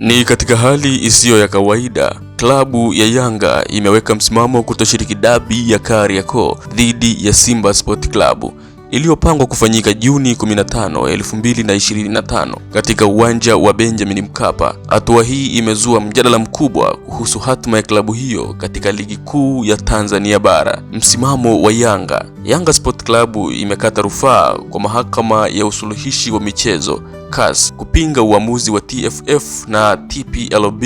Ni katika hali isiyo ya kawaida, klabu ya Yanga imeweka msimamo kutoshiriki dabi ya Kariakoo dhidi ya Simba Sport Club iliyopangwa kufanyika Juni 15, 2025 katika uwanja wa Benjamin Mkapa. Hatua hii imezua mjadala mkubwa kuhusu hatima ya klabu hiyo katika ligi kuu ya Tanzania bara. Msimamo wa Yanga. Yanga Sport Club imekata rufaa kwa mahakama ya usuluhishi wa michezo Cars kupinga uamuzi wa TFF na TPLB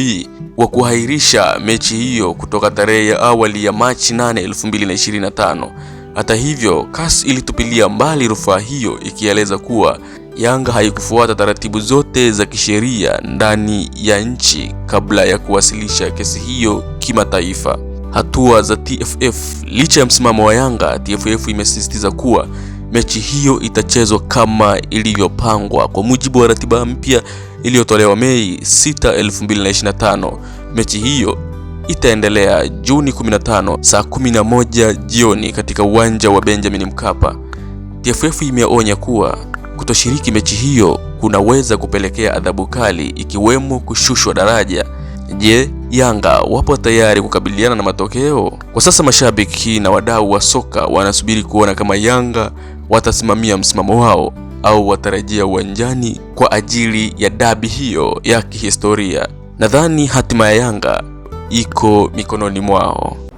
wa kuahirisha mechi hiyo kutoka tarehe ya awali ya Machi 8, 2025. Hata hivyo, CAS ilitupilia mbali rufaa hiyo ikieleza kuwa Yanga haikufuata taratibu zote za kisheria ndani ya nchi kabla ya kuwasilisha kesi hiyo kimataifa. Hatua za TFF. Licha ya msimamo wa Yanga, TFF imesisitiza kuwa mechi hiyo itachezwa kama ilivyopangwa kwa mujibu wa ratiba mpya iliyotolewa Mei 6, 2025. Mechi hiyo itaendelea Juni 15 saa 11 jioni katika uwanja wa Benjamin Mkapa. TFF imeonya kuwa kutoshiriki mechi hiyo kunaweza kupelekea adhabu kali ikiwemo kushushwa daraja. Je, Yanga wapo tayari kukabiliana na matokeo? Kwa sasa mashabiki na wadau wa soka wanasubiri kuona kama Yanga watasimamia msimamo wao au watarejea uwanjani kwa ajili ya dabi hiyo ya kihistoria. Nadhani hatima ya Yanga iko mikononi mwao.